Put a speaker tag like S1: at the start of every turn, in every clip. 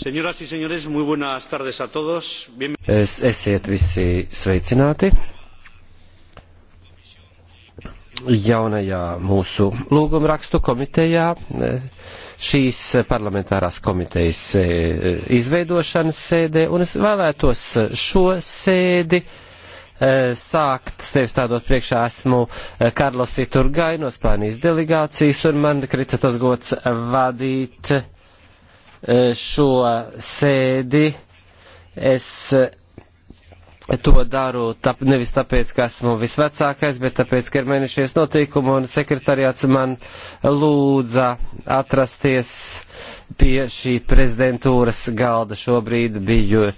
S1: Señoras y señores, muy buenas tardes a todos. Bien... Es, esiet visi sveicināti jaunajā mūsu lūgumrakstu komitejā eh, šīs parlamentārās komitejas eh, izveidošanas sēdē, un es vēlētos šo sēdi eh, sākt sevi stādot priekšā esmu Karlos Iturgai no Spānijas delegācijas, un man krita tas gods vadīt Eh, šo sēdi. Es to daru tāp, nevis tāpēc, ka esmu visvecākais, bet tāpēc, ka ir mainījušies notikumi un sekretariāts man lūdza atrasties pie šī prezidentūras galda. Šobrīd biju eh,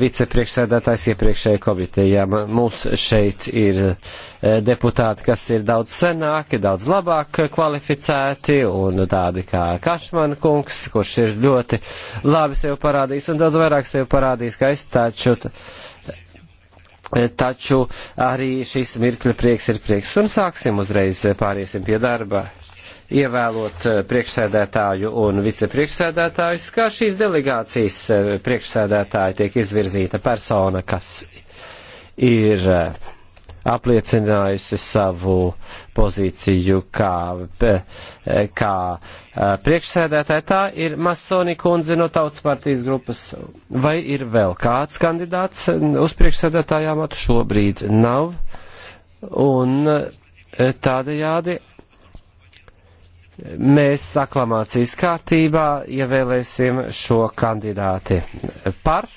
S1: vicepriekšsēdētājs iepriekšējā komitejā. Mums šeit ir eh, deputāti, kas ir daudz senāki, daudz labāk kvalificēti un tādi kā Kašmana kungs, kurš ir ļoti labi sev parādījis un daudz vairāk sev parādījis, ka es taču. Uh, taču arī šis mirkļa prieks ir prieks. Un sāksim uzreiz, pāriesim pie darba. Ievēlot eh, priekšsēdētāju un vicepriekšsēdētājus, kā šīs delegācijas eh, priekšsēdētāji tiek izvirzīta persona, kas ir uh, apliecinājusi savu pozīciju kā, kā eh, priekšsēdētāja. Tā ir Masoni kundze no Tautas partijas grupas. Vai ir vēl kāds kandidāts uz priekšsēdētājā matu? Šobrīd nav. Un eh, tādējādi mēs aklamācijas kārtībā ievēlēsim šo kandidāti par.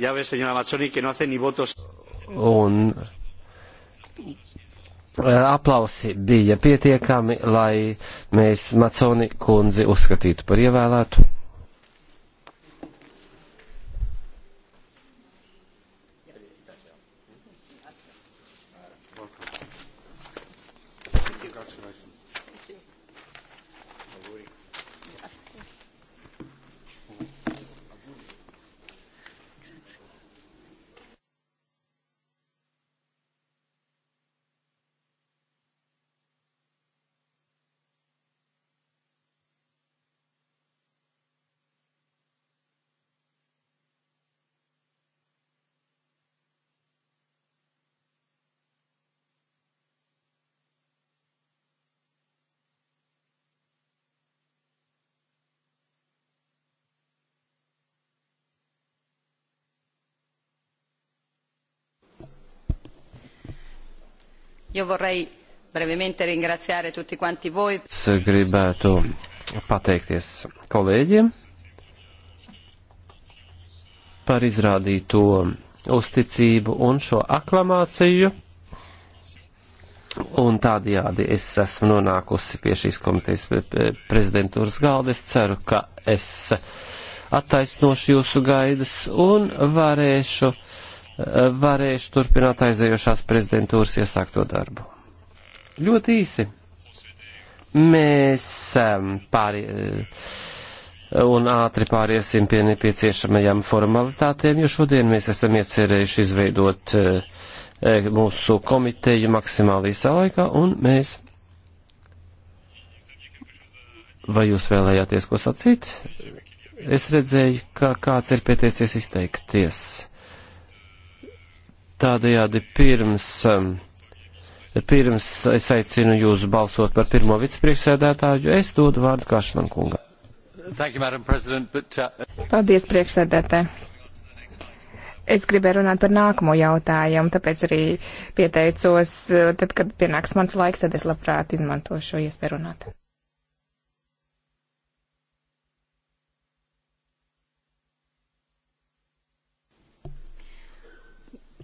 S1: Ya ve, señora Mazzoni, que no hace ni votos. Un eh, aplausi bija pietiekami, lai mēs Maconi kundzi uzskatītu par ievēlētu.
S2: Io vorrei brevemente ringraziare tutti quanti voi.
S1: Es gribētu pateikties kolēģiem par izrādīto uzticību un šo aklamāciju. Un tādajādi es esmu nonākusi pie šīs komitejas prezidentūras galda. Es ceru, ka es attaisnošu jūsu gaidas un varēšu uh, Eh, varēšu turpināt aizējošās prezidentūras iesākto darbu. Ļoti īsi. Mēs pārie, eh, un ātri pāriesim pie nepieciešamajām formalitātēm, jo šodien mēs esam iecerējuši izveidot eh, mūsu komiteju maksimāli īsā laikā, un mēs. Vai jūs vēlējāties ko sacīt? Es redzēju, ka kāds ir pieteicies izteikties. Tādējādi pirms, um, pirms es aicinu jūs balsot par pirmo vicepriekšsēdētāju, es dodu vārdu Kašman kungam.
S2: Uh,
S1: Paldies, priekšsēdētāji. Es gribēju runāt par nākamo
S3: jautājumu, tāpēc arī pieteicos, uh, tad, kad pienāks mans laiks, tad es labprāt izmantošu šo iespēju runāt.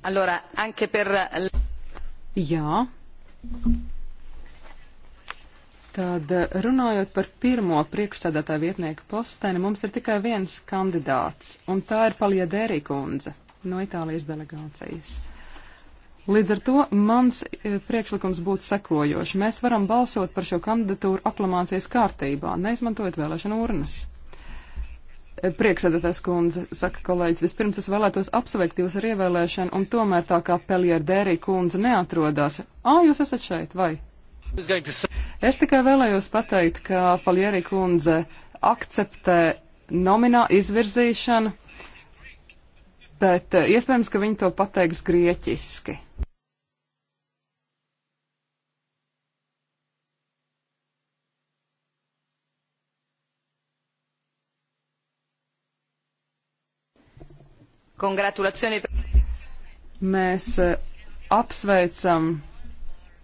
S2: Allora, anche per...
S4: Jā. Tad runājot par pirmo priekšstādātāju vietnieku posteni, mums ir tikai viens kandidāts, un tā ir Paliedēri kundze no Itālijas delegācijas. Līdz ar to mans e, priekšlikums būtu sekojoši. Mēs varam balsot par šo kandidatūru aklamācijas kārtībā, neizmantojot vēlēšanu urnas. Prieksēdētājs kundze, saka kolēģis, vispirms es vēlētos apsveikt jūs ar ievēlēšanu, un tomēr tā kā Pelierdērī kundze neatrodās. Ā, jūs esat šeit, vai? Es tikai vēlējos pateikt, ka Pelierdērī kundze akceptē nominā izvirzīšanu, bet eh, iespējams, ka viņi to pateiks grieķiski.
S2: Congratulazioni.
S4: Mēs eh, apsveicam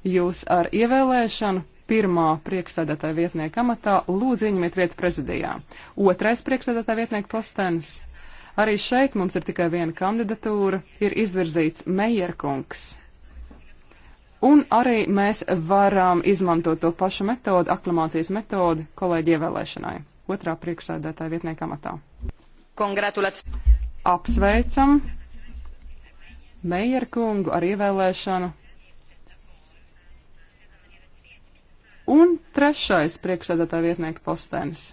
S4: jūs ar ievēlēšanu pirmā priekšstādātāja vietnieka amatā. Lūdzu, ieņemiet vietu prezidijā. Otrais priekšstādātāja vietnieka postenis. Arī šeit mums ir tikai viena kandidatūra, ir izvirzīts Meierkungs. Un arī mēs varam izmantot to pašu metodu, aklamācijas metodu kolēģi ievēlēšanai. Otrā priekšsēdētāja vietnieka amatā.
S2: Congratulations!
S4: apsveicam Meijer kungu ar ievēlēšanu. Un trešais priekšsēdētāja vietnieka postenis.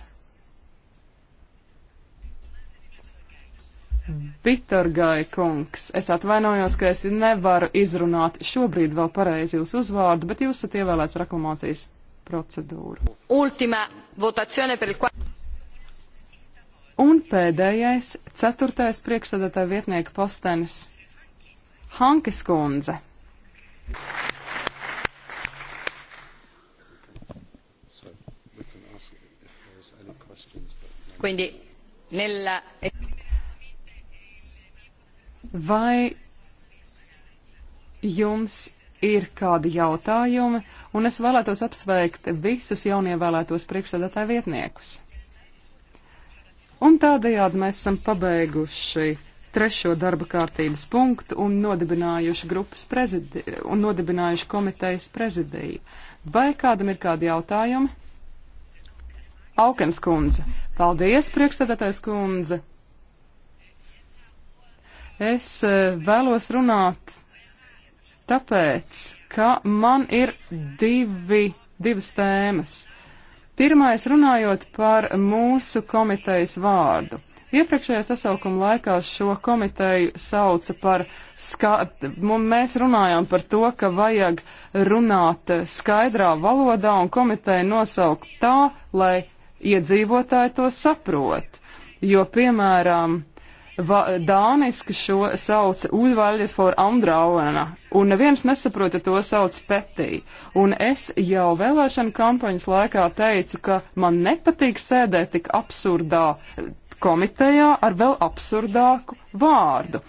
S4: Vitorgai kungs, es atvainojos, ka es nevaru izrunāt šobrīd vēl pareizi jūsu uzvārdu, bet jūs esat ievēlēts reklamācijas procedūru.
S2: Ultima votazione per il
S4: Un pēdējais, ceturtais priekšstādātāja vietnieka postenis - Hankis Kundze.
S2: Quindi, nella... Vai
S4: jums ir kādi jautājumi, un es vēlētos apsveikt visus jaunievēlētos priekšstādātāju vietniekus. Un tādējādi mēs esam pabeiguši trešo darba kārtības punktu un nodibinājuši grupas prezidiju un nodibinājuši komitejas prezidiju. Vai kādam ir kādi jautājumi? Aukens kundze. Paldies, priekšstādātais kundze. Es e, vēlos runāt tāpēc, ka man ir divi, divas tēmas. Pirmais runājot par mūsu komitejas vārdu. Iepriekšējā sasaukuma laikā šo komiteju sauca par, ska... mēs runājām par to, ka vajag runāt skaidrā valodā un komiteju nosaukt tā, lai iedzīvotāji to saprot. Jo, piemēram, Va, dāniski šo sauc Uļvaļas for Andrauna, un neviens nesaprot, ja to sauc Petī. Un es jau vēlēšana kampaņas laikā teicu, ka man nepatīk sēdēt tik absurdā, komitejā ar vēl absurdāku vārdu.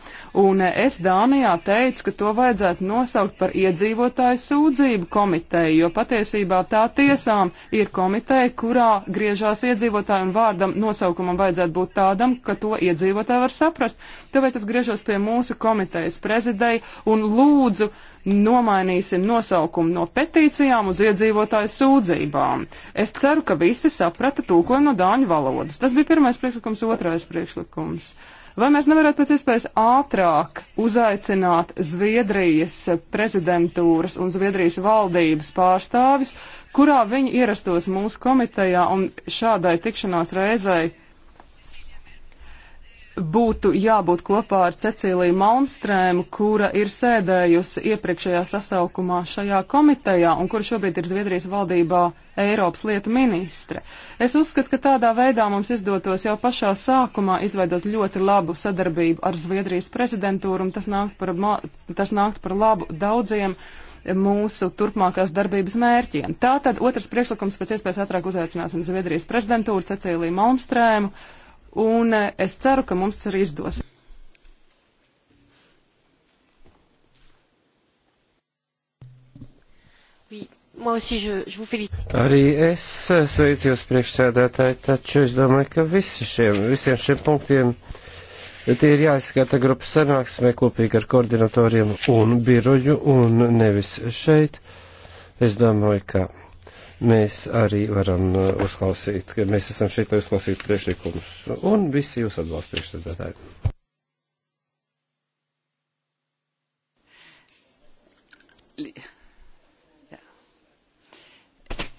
S4: Un es Dānijā teicu, ka to vajadzētu nosaukt par iedzīvotāju sūdzību komiteju, jo patiesībā tā tiesām ir komiteja, kurā griežās iedzīvotāji un vārdam nosaukumam vajadzētu būt tādam, ka to iedzīvotāji var saprast. Tāpēc es griežos pie mūsu komitejas prezidēja un lūdzu nomainīsim nosaukumu no petīcijām uz iedzīvotāju sūdzībām. Es ceru, ka visi saprata tūkojumu no dāņu valodas. Tas bija pirmais priekšlikums, otrais priekšlikums. Vai mēs nevarētu pēc iespējas ātrāk uzaicināt Zviedrijas prezidentūras un Zviedrijas valdības pārstāvis, kurā viņi ierastos mūsu komitejā un šādai tikšanās reizei būtu jābūt kopā ar Cecīliju Malmstrēmu, kura ir sēdējusi iepriekšējā sasaukumā šajā komitejā un kura šobrīd ir Zviedrijas valdībā Eiropas lietu ministre. Es uzskatu, ka tādā veidā mums izdotos jau pašā sākumā izveidot ļoti labu sadarbību ar Zviedrijas prezidentūru, un tas nāktu par, tas nākt par labu daudziem mūsu turpmākās darbības mērķiem. Tātad otrs priekšlikums pēc iespējas ātrāk uzaicināsim Zviedrijas prezidentūru Cecīliju Malmstrēmu un eh, es ceru, ka mums tas arī izdosies.
S1: Arī es eh, sveicu jūs priekšsēdētāji, taču es domāju, ka visi šiem, visiem šiem punktiem eh, tie ir jāizskata grupas sanāksmē kopīgi ar koordinatoriem un biroju un nevis šeit. Es domāju, ka mēs arī varam uh, uzklausīt, ka mēs esam šeit, lai uzklausītu priekšlikumus. Un visi jūs atbalsta priekšsēdētāji.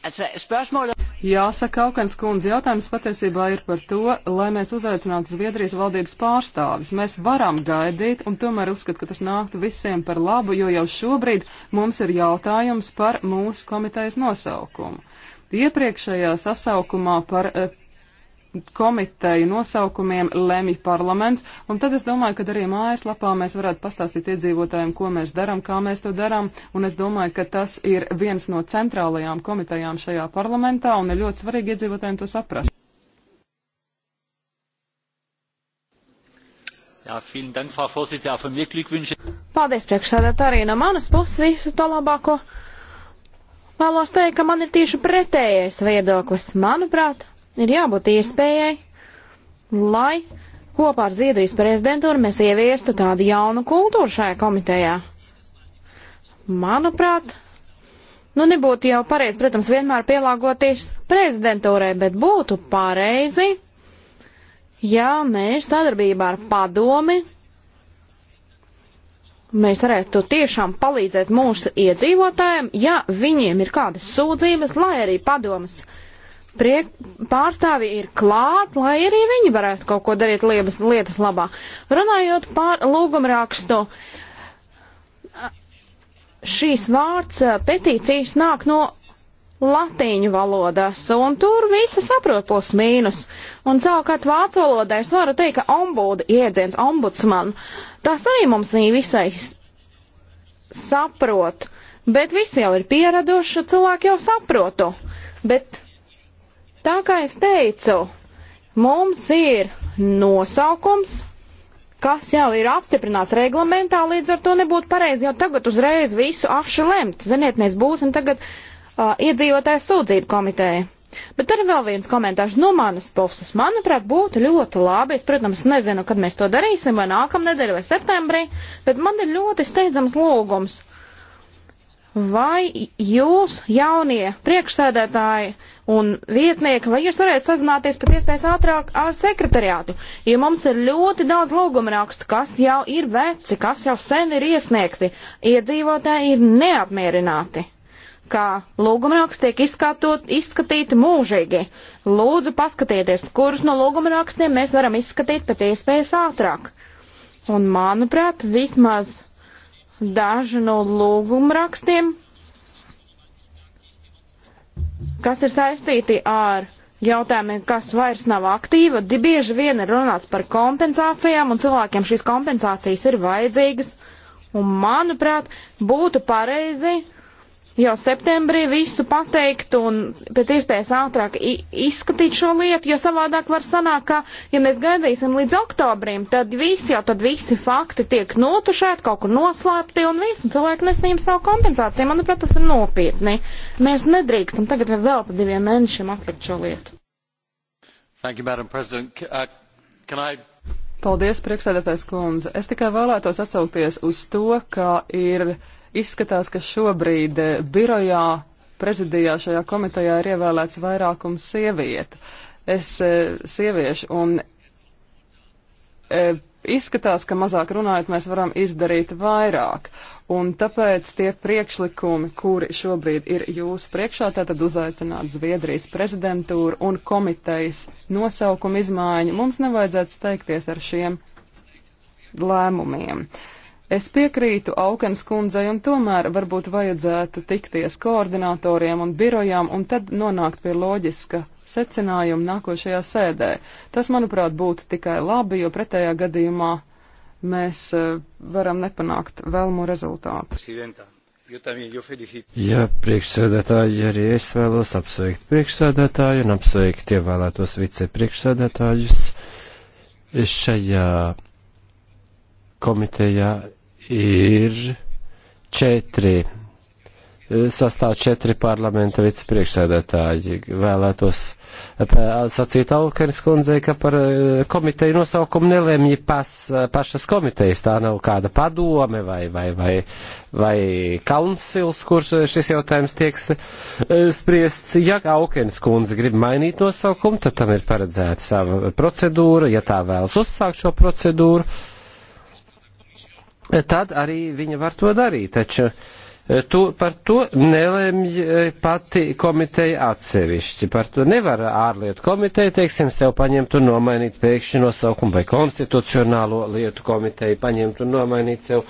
S4: Altså spørgsmålet Jāsaka, Aukens kundze, jautājums patiesībā ir par to, lai mēs uzaicinātu Zviedrijas valdības pārstāvis. Mēs varam gaidīt, un tomēr uzskatu, ka tas nāktu visiem par labu, jo jau šobrīd mums ir jautājums par mūsu komitejas nosaukumu. Iepriekšējā sasaukumā par eh, komiteju nosaukumiem lemj parlaments, un tad es domāju, ka arī mājaslapā mēs varētu pastāstīt iedzīvotājiem, ko mēs darām, kā mēs to darām, un es domāju, ka tas ir viens no centrālajām komitejām šajā parlamentā, un ir ļoti svarīgi iedzīvotājiem to saprast.
S1: Jā, dank, Frau Vorsitzende, auch von mir Glückwünsche.
S5: Paldies, priekšsēdētāji, no manas puses visu to labāko. Vēlos teikt, ka man ir tieši pretējais viedoklis. Manuprāt, ir jābūt iespējai, lai kopā ar Zviedrijas prezidentūru mēs ieviestu tādu jaunu kultūru šajā komitejā. Manuprāt, nu nebūtu jau pareizi, protams, vienmēr pielāgoties prezidentūrai, bet būtu pareizi, ja mēs sadarbībā ar padomi mēs varētu tiešām palīdzēt mūsu iedzīvotājiem, ja viņiem ir kādas sūdzības, lai arī padomas priek, pārstāvi ir klāt, lai arī viņi varētu kaut ko darīt liebas, lietas labā. Runājot par lūgumrakstu, šīs vārds eh, petīcijas nāk no latīņu valodas, un tur visi saprot plus mīnus. Un savukārt vācu valodā es varu teikt, ka ombuda iedziens, ombudsman, tas arī mums nī visai saprot, bet visi jau ir pieraduši, cilvēki jau saprotu. Bet Tā kā es teicu, mums ir nosaukums, kas jau ir apstiprināts reglamentā, līdz ar to nebūtu pareizi jau tagad uzreiz visu ašu lemt. Ziniet, mēs būsim tagad uh, iedzīvotājs sūdzību komiteja. Bet arī vēl viens komentārs no manas puses. Manuprāt, būtu ļoti labi, es, protams, nezinu, kad mēs to darīsim, vai nākamnedēļ vai septembrī, bet man ir ļoti steidzams lūgums. Uh, vai jūs, jaunie priekšsēdētāji un vietnieki, vai jūs varētu sazināties pēc iespējas ātrāk ar sekretariātu, jo mums ir ļoti daudz lūgumrakstu, kas jau ir veci, kas jau sen ir iesniegti, iedzīvotāji ir neapmierināti ka lūgumraksti tiek izskatot, izskatīti mūžīgi. Lūdzu, paskatieties, kurus no lūgumrakstiem mēs varam izskatīt pēc iespējas ātrāk. Un, manuprāt, vismaz daži no lūgumrakstiem, kas ir saistīti ar jautājumiem, kas vairs nav aktīva. Bieži vien ir runāts par kompensācijām, un cilvēkiem šīs kompensācijas ir vajadzīgas. Un, manuprāt, būtu pareizi uh, jau septembrī visu pateikt un pēc iespējas ātrāk izskatīt šo lietu, jo savādāk var sanākt, ka, ja mēs gaidīsim līdz oktobrim, tad visi jau tad visi fakti tiek notušēti, kaut kur noslēpti un viss, un cilvēki nesaņem savu kompensāciju. Manuprāt, tas ir nopietni. Mēs nedrīkstam tagad vai vēl pa diviem mēnešiem atlikt šo lietu.
S1: Thank you, Madam President. Uh, can I
S4: Paldies, priekšsēdētājs kundze. Es tikai vēlētos atsaukties uz to, ka ir Izskatās, ka šobrīd eh, birojā, prezidijā šajā komitejā ir ievēlēts vairākums sievietu. Es eh, sieviešu un eh, izskatās, ka mazāk runājot mēs varam izdarīt vairāk. Un tāpēc tie priekšlikumi, kuri šobrīd ir jūsu priekšā, tātad uzaicināt Zviedrijas prezidentūru un komitejas nosaukumu izmaiņu, mums nevajadzētu steigties ar šiem lēmumiem. Uh, Es piekrītu Aukens kundzei, un tomēr varbūt vajadzētu tikties koordinatoriem un birojām un tad nonākt pie loģiska secinājuma nākošajā sēdē. Tas, manuprāt, būtu tikai labi, jo pretējā gadījumā mēs eh, varam nepanākt vēlmo rezultātu.
S1: Jā, priekšsēdētāji, arī es vēlos apsveikt priekšsēdētāju un apsveikt ievēlētos vicepriekšsēdētājus šajā komitejā ir četri, sastāv četri parlamenta vicepriekšsēdētāji. Vēlētos sacīt Aukeris kundzei, ka par eh, komiteju nosaukumu nelēmja pas, pašas komitejas. Tā nav kāda padome vai, vai, vai, vai kaunsils, kurš šis jautājums tiek eh, spriests. Ja Aukeris kundze grib mainīt nosaukumu, tad tam ir paredzēta sava procedūra, ja tā vēlas uzsākt šo procedūru tad arī viņa var to darīt. Taču e, to, par to nelēmj e, pati komiteja atsevišķi. Par to nevar ārlietu komiteja, teiksim, sev paņemt un nomainīt pēkšņi nosaukumu vai konstitucionālo lietu komiteju paņemt un nomainīt sev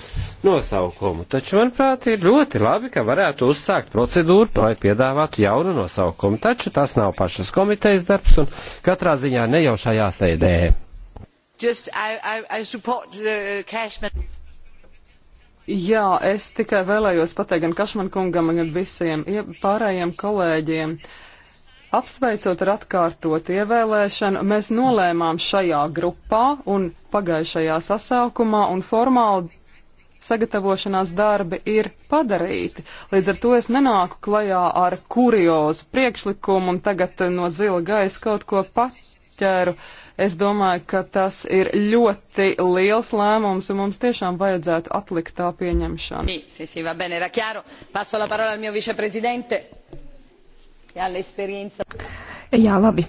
S1: nosaukumu. Taču, manuprāt, ir ļoti labi, ka varētu uzsākt procedūru, lai piedāvātu jaunu nosaukumu. Taču tas nav pašas komitejas darbs un katrā ziņā nejaušajā sēdē.
S5: Just, I, I, I support, uh, Cashman.
S4: Jā, es tikai vēlējos pateikt gan Kašman kungam, gan visiem pārējiem kolēģiem. Apsveicot ar atkārtot ievēlēšanu, mēs nolēmām šajā grupā un pagājušajā sasaukumā un formāli sagatavošanās darbi ir padarīti. Līdz ar to es nenāku klajā ar kuriozu priekšlikumu un tagad no zila gaisa kaut ko pat ķeru. Es domāju, ka tas ir ļoti liels lēmums un mums tiešām vajadzētu atlikt tā pieņemšanu.
S2: Sì, sì, sì, va bene, era chiaro. Passo la parola al mio viceprezidente. Jā, e l'esperienza.
S3: Jā, labi.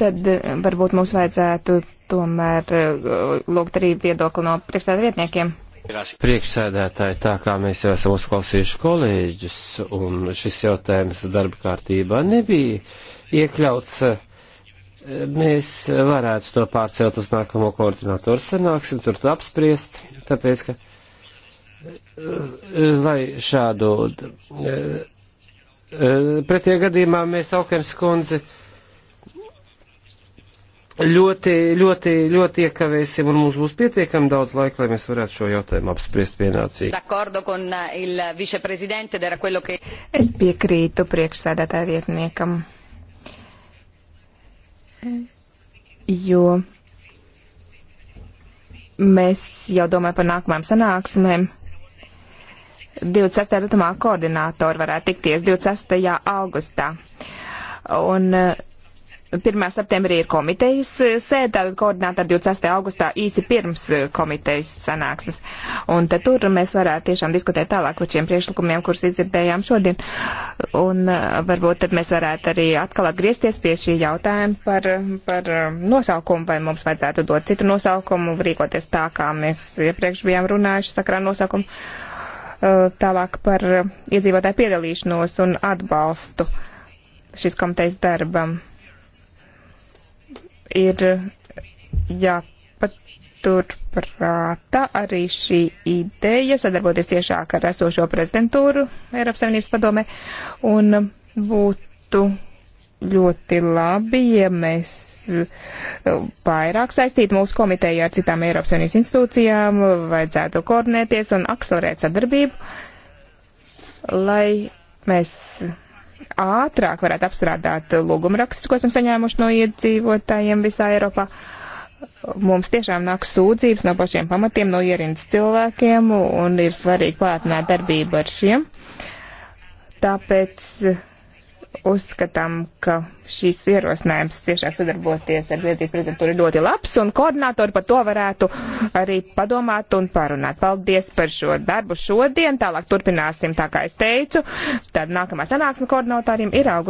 S3: Tad eh, varbūt mums vajadzētu tomēr eh, lūgt arī viedokli no priekšsēdā vietniekiem.
S1: Priekšsēdētāji, tā kā mēs jau esam uzklausījuši kolēģus, un šis jautājums darba kārtībā nebija iekļauts eh, mēs varētu to pārcelt uz nākamo koordinatoru sanāksim, tur to apspriest, tāpēc, ka lai šādu pretie gadījumā mēs Aukens kundzi ļoti, ļoti, ļoti iekavēsim un mums būs pietiekami daudz laika, lai mēs varētu šo jautājumu apspriest pienācīgi.
S2: Eh, es
S3: piekrītu priekšsēdētāju vietniekam jo mēs jau domājam par nākamajām sanāksmēm. 26. datumā koordinātori varētu tikties 26. augustā. Un uh, 1. septembrī ir komitejas eh, sēde, tātad koordināta 26. augustā īsi pirms eh, komitejas sanāksmes. Un tad tur mēs varētu tiešām diskutēt tālāk par šiem priekšlikumiem, kurus izdzirdējām šodien. Un eh, varbūt tad mēs varētu arī atkal atgriezties pie šī jautājuma par, par nosaukumu, vai mums vajadzētu dot citu nosaukumu, rīkoties tā, kā mēs iepriekš bijām runājuši sakrā nosaukumu. Tālāk par iedzīvotāju piedalīšanos un atbalstu šīs komitejas darbam ir jāpaturprāta arī šī ideja sadarboties tiešāk ar esošo prezidentūru Eiropas Savienības padomē un būtu ļoti labi, ja mēs eh, vairāk saistītu mūsu komiteju ar citām Eiropas Savienības institūcijām, vajadzētu koordinēties un akcelerēt sadarbību, lai mēs ātrāk varētu apstrādāt lūgumrakstus, ko esam saņēmuši no iedzīvotājiem visā Eiropā. Mums tiešām nāk sūdzības no pašiem pamatiem, no ierindas cilvēkiem, un ir svarīgi pātrināt darbību ar šiem. Tāpēc uh, uzskatām, ka šīs ierosinājums ciešāk sadarboties ar Zviedrijas prezidentūru ir ļoti labs, un koordinātori par to varētu arī padomāt un parunāt. Paldies par šo darbu šodien, tālāk turpināsim, tā kā es teicu. Tad nākamā sanāksme koordinātoriem ir augu.